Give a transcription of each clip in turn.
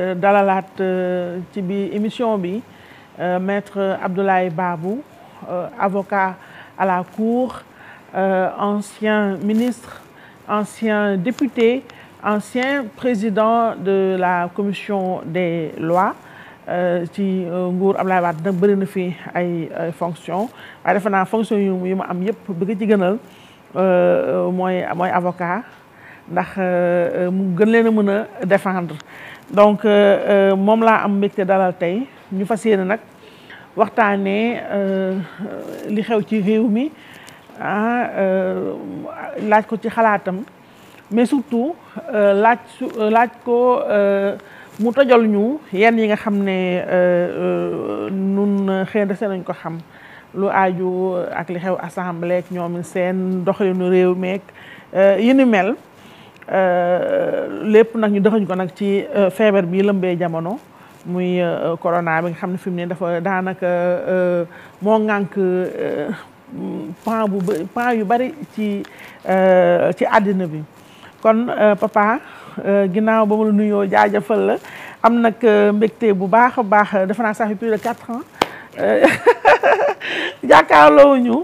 Euh, dalalaat euh, ci bi émission bi euh, maître Abdoulaye Babou avocat à la cour ancien ministre ancien député ancien président de la commission des lois ci nguur Abdoulaye Wade nag bëri na fi ay fonction waaye defe naa fonction yu yu mu am yëpp bëgg ci gënal mooy mooy avocat ndax mu gën leen a mën a défendre donc euh, euh, moom laa am mbégte dalal tey ñu fas yéene nag waxtaanee euh, li xew ci réew mi ah laaj ko ci xalaatam mais surtout laaj su laaj ko mu tojal ñu yenn yi nga xam ne nun xëy na dese nañ ko xam lu aaju ak li xew assemblée ak ñoom seen doxalinu réew meek yi ni mel. Euh, lépp nag ñu defañ ko nag ci euh, feebar bi lëmbee jamono muy euh, corona bi nga xam ne fi mu ne dafa daanaka moo ŋànk pan bu yu bari ci ci àddina bi kon papa ginnaaw ba ma la nuyoo jaajëfal la am nag mbégte bu baax a baax defe naa ça fait de quatre ans jàkkaarloo ñu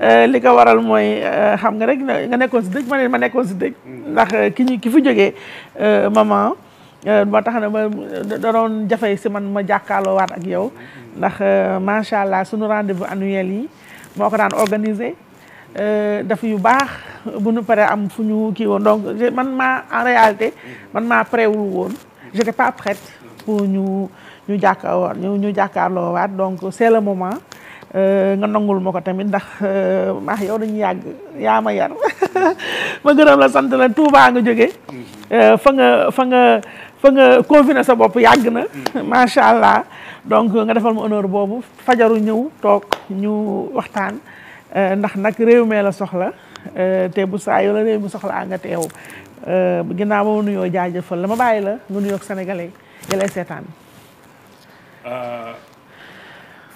euh, li ko waral mooy euh, xam nga rek nga nekkoon si dëj ma ne ma nekkoon si dëj mm. ndax euh, ki ñu ki fi jógee maman moo tax na ma danoon jafe si man ma jàkkaarloo waat ak yow mm. ndax macha allah sunu rendez-vous annuel yi moo ko daan organisé daf yu baax bu nu paree am fu ñu kii woon donc man ma en réalité mm. man maa préwul woon j'étais pas prête pour ñu ñu jàkkaarloo ñu ñu jàkkaarloo waat donc c'est le moment Euh, nga nangul ma ko tamit ndax maax euh, ah, yow dañu yàgg yaa ma yar ma gërëm la sant la Touba nga jógee euh, fa nga fa nga fa sa bopp yàgg na mm-hmm. macha allah donc nga defal ma honneur boobu fajaru ñëw toog ñu waxtaan ndax nag réew mee la soxla te bu saa yoo la réew mi soxla nga teew ginnaaw ba ma nuyoo jaajëfal la ma bàyyi la nga nuyoog sénégalais yi seetaan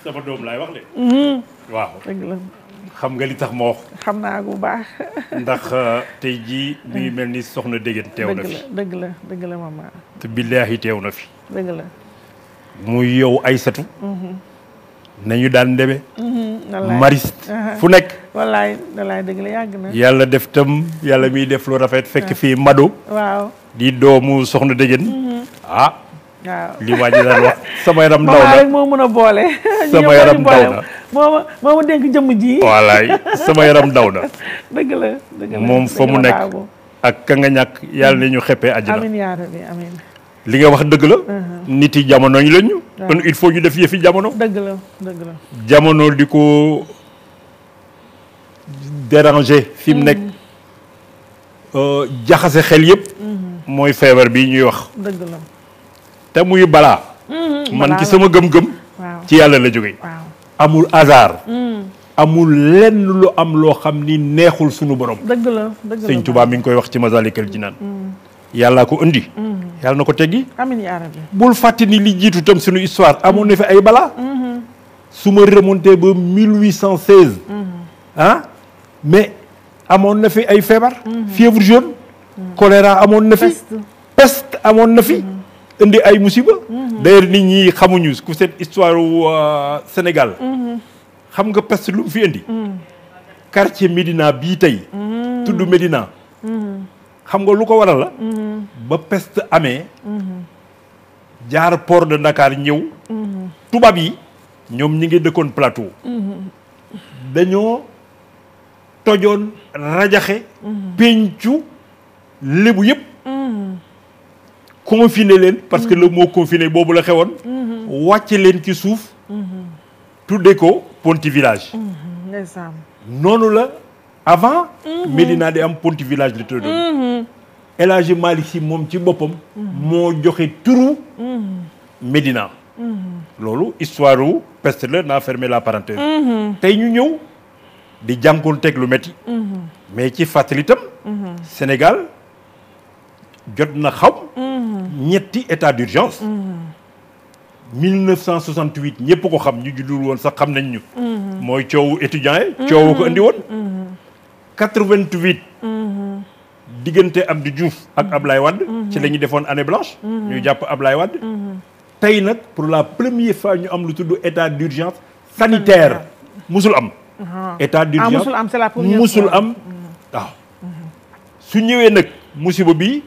sama doom laay wax de. Mhm. waaw dëgg la. xam nga li tax ma wax. xam naa bu baax. ndax euh, te jii muy mel ni soxna Degen teew na fi dëgg la dëgg la mama te billaahi teew na fi. dëgg yow Aysatu. Mhm. nañu daan demee. Mhm. mariste fu nekk. wallaay wallaay dëgg la yàgg na. yàlla def tam yàlla miy def lu rafet fekk ah. fi Mado. di doomu soxna Degen. ah. waaw li waa ji wax sama yaram ndaw na moo mën a boole. sama yaram ndaw sama yaram daw na. dëgg moom fa mu nekk ak ka nga ñàkk yàlla na ñu xeppee àjjana. amiin yaa li nga wax dëgg la. Uh-huh. nit yi jamono ñu lañu. kon il faut ñu def yëfi jamono. dëgg la jamono di ko déranger. fi mu mm. nekk euh, jaxase xel yëpp. Mm-hmm. mooy feebar bii ñuy wax. dëgg te muy balaa. Mm-hmm. man ci sama gëm-gëm. ci yàlla la jógee. amul hasard. Mm. amul lenn lu am loo xam ni neexul sunu borom. dëgg la dëgg la sëñ Tuubaa ngi koy wax ci Masaalikal Jinaan. Mm. yàllaa ko indi. Mm-hmm. yàlla na ko teggi. amiin yaa rabbi bul fàtte ni li jiitu tam sunu histoire amoon na fi ay balaa. Mm-hmm. su ma remonté ba 1816. ah mais amoon na fi ay feebar. fièvre jaune. choléra amoon na fi. peste amoon na fi. indi ay musiba. d'ailleurs nit ñi xamuñu ku seen histoire wu euh, Sénégal. xam nga peste lu fi indi. quartier Médina bii tey. tudd Médina. xam nga lu ko waral ba peste amee. jaar port de Dakar ñëw. tubaab yi ñoom ñi ngi dëkkoon plateau. dañoo tojoon rajaxe. pencu lébu yëpp. confiner leen parce que le mot confiné boobu la xewoon mm-hmm. wàcce leen ci suuf mm-hmm. tudde ko Ponti village mm-hmm. noonu la avant Médina di am Ponti village la tuddoon El Hadji Malick moom ci boppam moo joxe turu Médina loolu histoire wu peste la naa fermé la parenthèse tey ñu ñëw di jànkoon teg lu métti mais ci fàttali itam Sénégal jot na xaw ñetti état d'urgence. 1968 ñëpp ko xam ñu juddul woon sax xam nañ ñu. mooy coowu étudiants yi. coowu ko indi diggante 88. di juuf ak ab lay Wade. ci la ñu defoon année blanche. ñu jàpp Ablaye Wade. tey nag pour la première fois ñu am lu tudd état d'urgence sanitaire musul am. Uh-huh. état d'urgence ah, musul am c'est la première fois musul am waaw. su ñëwee nag musiba bi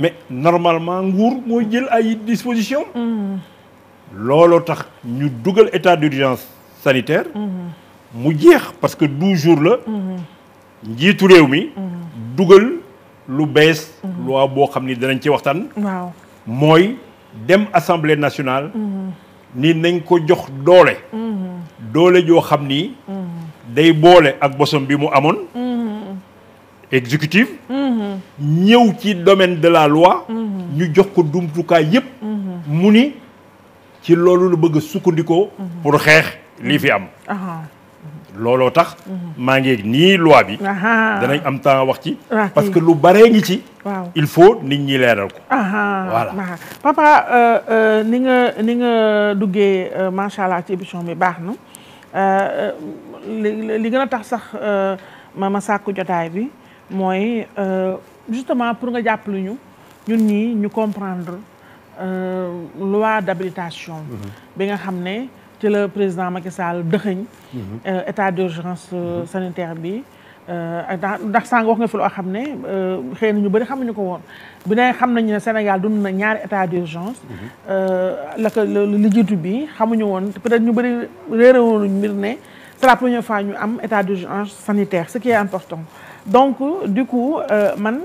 mais normalement nguur mooy jël ay disposition looloo tax ñu dugal état d'urgence sanitaire mu jeex parce que douze jours la njiitu réew mi dugal lu bees loi boo xam ni danañ ci waxtaan mooy dem assemblée nationale ni nañ ko jox doole mm-hmm. doole joo xam ni mm-hmm. day boole ak bosom bi mu amoon exécutive mm-hmm. ñëw ci domaine de la loi mm-hmm. ñu jox ko dumtukaay yépp mm-hmm. mu ni ci loolu la bëgg a sukkandikoo pour xeex lii fi am looloo tax maa ngi nii loi bi danañ am temps wax ci parce que lu baree ngi ci waaw il faut nit ñi leeral ko voilà papa euh, euh, ni nga ni nga duggee euh, macha allah ci émission bi baax na li gën a tax sax ma ma sàkku jotaay bi mooy euh, justement pour nga jàppale ñu ñun ñii ñu comprendre euh, loi d'habilitation mhm. bi nga xam ne ci la président Macky Sall dëxëñ mhm. euh, état d'urgence mhm. sanitaire bi ndax sànq wax nga fi loo xam ne xëy na ñu bëri xamuñu ko woon bi ne xam nañu ne Sénégal dund na ñaari état d'urgence la lu li jiitu bi xamuñu woon peut-être ñu bëri réeré woon mbir ne c'est la première fois ñu am état d'urgence sanitaire ce qui est important donc du coup euh, man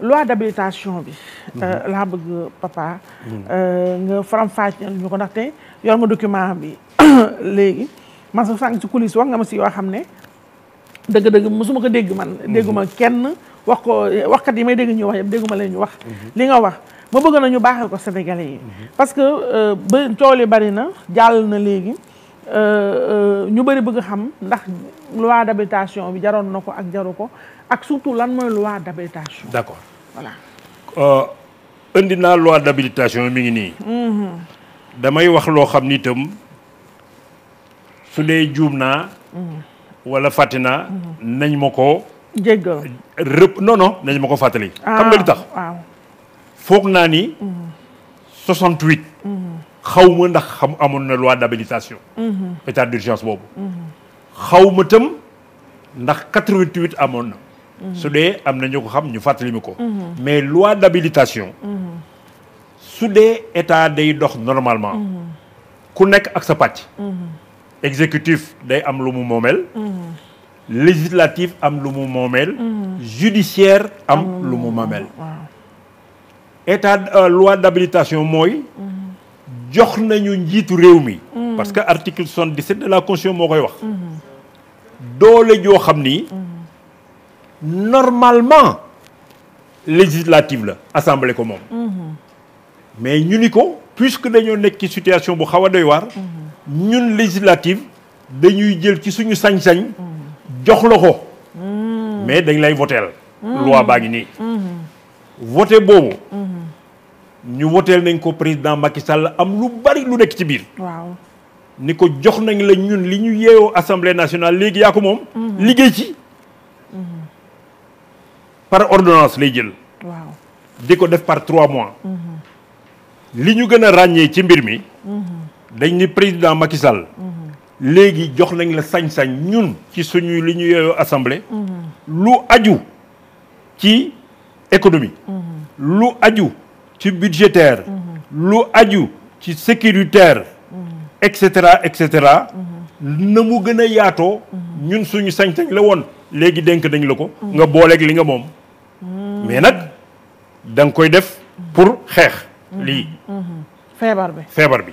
loi d'habilitation bi. Euh, mhm. laa bëgg papa. Mhm. Euh, nga faram-fàcceel ñu ko ndaxte yor nga document bi léegi man sa sànq ci coulisse wax nga ma si yoo xam ne dëgg-dëgg mosuma ko dégg man. Mhm. dégguma kenn wax ko kat yi may dégg ñuy wax yëpp dégguma leen ñu wax. li nga wax ma bëgg na ñu baaxal ko Sénégalais yi. parce que ba tool yi bari na jàll na léegi. Euh, euh, ñu bëri bëgg xam ndax loi d'habilitation bi jaroon na ko ak jaru ko ak surtout lan mooy loi d'habilitation. d'accord voilà. Euh, indi naa loi d'habilitation mi ngi nii. Mm-hmm. damay wax loo xam ni itam su dee juum naa. Mm-hmm. wala fàtte naa. Mm-hmm. nañ ma ko. jéggal rëpp non non nañ ma ko fàttali. xam nga ah, li tax. foog naa ni. xaw ma ndax xam amoon na loi d'habilitation. Mhm. état d'urgence boobu. Mhm. xaw ma tam ndax 88 amoon na. Mhm. su dee am na ñu ko xam ñu fàttali mi ko. mais loi d'habilitation. su dee état day dox normalement. ku nekk ak sa pàcc. exécutif day am lu mu moomeel. législatif am lu mu moomeel. judiciaire am lu mu moomeel. état euh, loi d'habilitation mooy. jox nañu njiitu réew mi. Mm. parce que article 77 de la constitution moo koy wax. doole joo xam ni. normalement législative la assemblée ko moom. mais ñu ni ko puisque dañoo nekk ci situation bu xaw a doy waar. ñun législative dañuy jël ci suñu sañ-sañ. jox la ko. Mm. mais dañ lay votel mm. loi baa ngi nii. voté boobu. ñu woteel nañ ko président Macky Sall am lu bari lu nekk ci biir. ni ko jox nañ la ñun li ñu yeewoo assemblée nationale léegi yaa ko moom. Mhm. liggéey ci. Mhm. par ordonnance lay jël. waaw di ko def par trois mois. Mhm. li ñu gën a ràññee ci mbir mi. dañ ni président Macky léegi jox nañ la sañ-sañ ñun ci suñu li ñu yeewoo assemblée. lu aju ci économie. lu aju. ci budgétaire lu aju ci sécuritaire et cetera et cetera na mu gën a yaatoo ñun suñu sañ-sañ la woon léegi dénk nañ la ko nga booleeg li nga moom mais nag da nga koy def pour xeex lii feebar bi feebar bi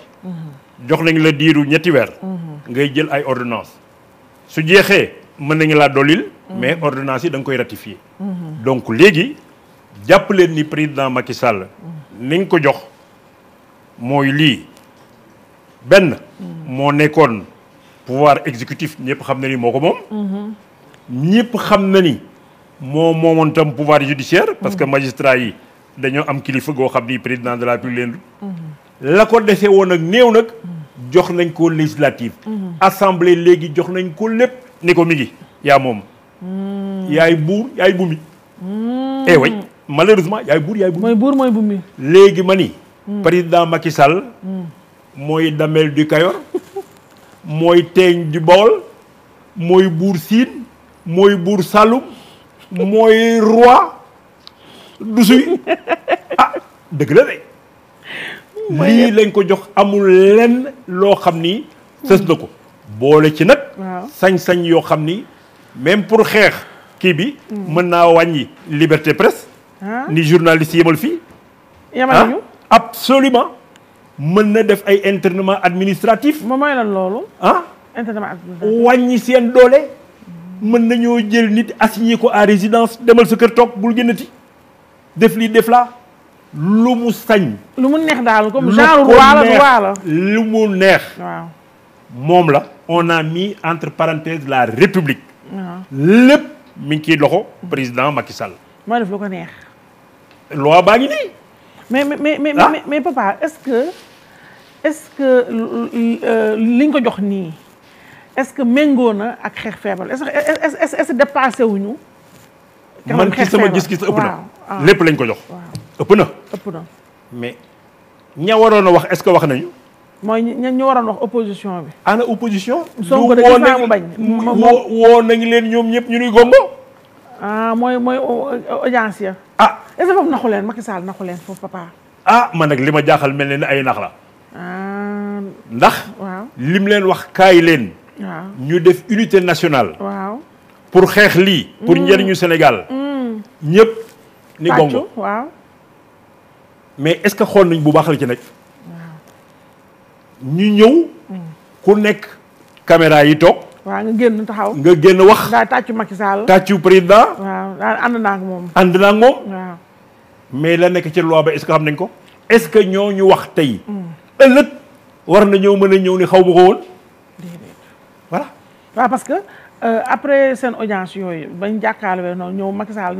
jox nañ la diiru ñetti weer ngay jël ay ordonnance su jeexee mën nañu laa dolil mais ordonnance yi da nga koy ratifier donc léegi jàpp leen ni président Macky Sall liñ ko jox mooy lii benn moo nekkoon pouvoir exécutif ñëpp xam na ni moo ko moom mm-hmm. ñëpp xam na ni moo moomoon tam pouvoir judiciaire parce que mm-hmm. magistrat yi dañoo am kilifa goo xam ni président de la République leen mm-hmm. la ko dese woon ak néew nag jox nañ ko législative assemblée léegi jox nañ ko lépp ne ko mi ngi yaa moom yaay buur yaay bumi eh way malheureusement yaay buur yaay buur. mooy buur mooy bummi. léegi ma ni. Hmm. président Macky Sall. Hmm. mooy damel du mooy teeñ du Bawol. mooy buur Siin. mooy buur Saloum. mooy roi. du suy ah dëgg la de. lii lañ ko jox amul lenn loo xam ni. sës na ko hmm. boole ci nag. sañ-sañ yoo xam ni même pour xeex kii bi. mën naa wàññi liberté presse. ni journaliste yemal fii. yemal nañu absolument mën na def ay internement administratif. moom mooy lan loolu. ah internement wàññi seen doole. mën nañoo jël nit assigné ko à résidence demal sa kër toog bul génnati def lii def la lu mu sañ. lu mu neex daal comme genre lu mu neex. moom la. on a mis entre parenthèses la république. lépp mi ngi ciy loxo président Macky moo def lu ko neex. loi baa ngi nii. mais mais mais mais ah. mais papa est-ce que est-ce que euh, li ko jox nii est-ce que méngoo na ak xeex feebar est-ce que est-ce que dépassé wuñu. man ci sama gis-gis ëpp na lépp lañ ko jox. ëpp na ëpp na. mais ña waroon a wax est-ce que wax nañu. mooy ña ñu waroon wax opposition bi. ana opposition. Sonko de mu bañ woo nañu leen ñoom ñëpp ñu nuy gombo. ah mooy mooy audience ya. Ah, est ce foofu naxu leen Macky naxu leen foofu papa. ah man nag li ma jaaxal mel ne ni ay nax la. Ah. ndax. waaw lim leen wax kaay leen. ñu def unité nationale. waaw pour xeex lii. pour mm. njëriñu Sénégal. Mm. ñëpp ni gongo mais est ce que xool nañ bu baax la ci nekk. ñu ñëw. Mm. ku nekk caméra yi toog. waaw nga génn taxaw nga génn wax. daa tàccu Macky Sall. tàccu président. waaw ànd naa moom. ànd naa moom. mais la nekk ci loi ba est-ce que xam nañ ko est-ce que ñoo ñu wax tey. ëllëg war ñëw mën a ñëw ni xaw ma ko woon. voilà. waaw parce que euh, après seen audience yooyu bañ jàkkaarloo noonu ñëw Macky na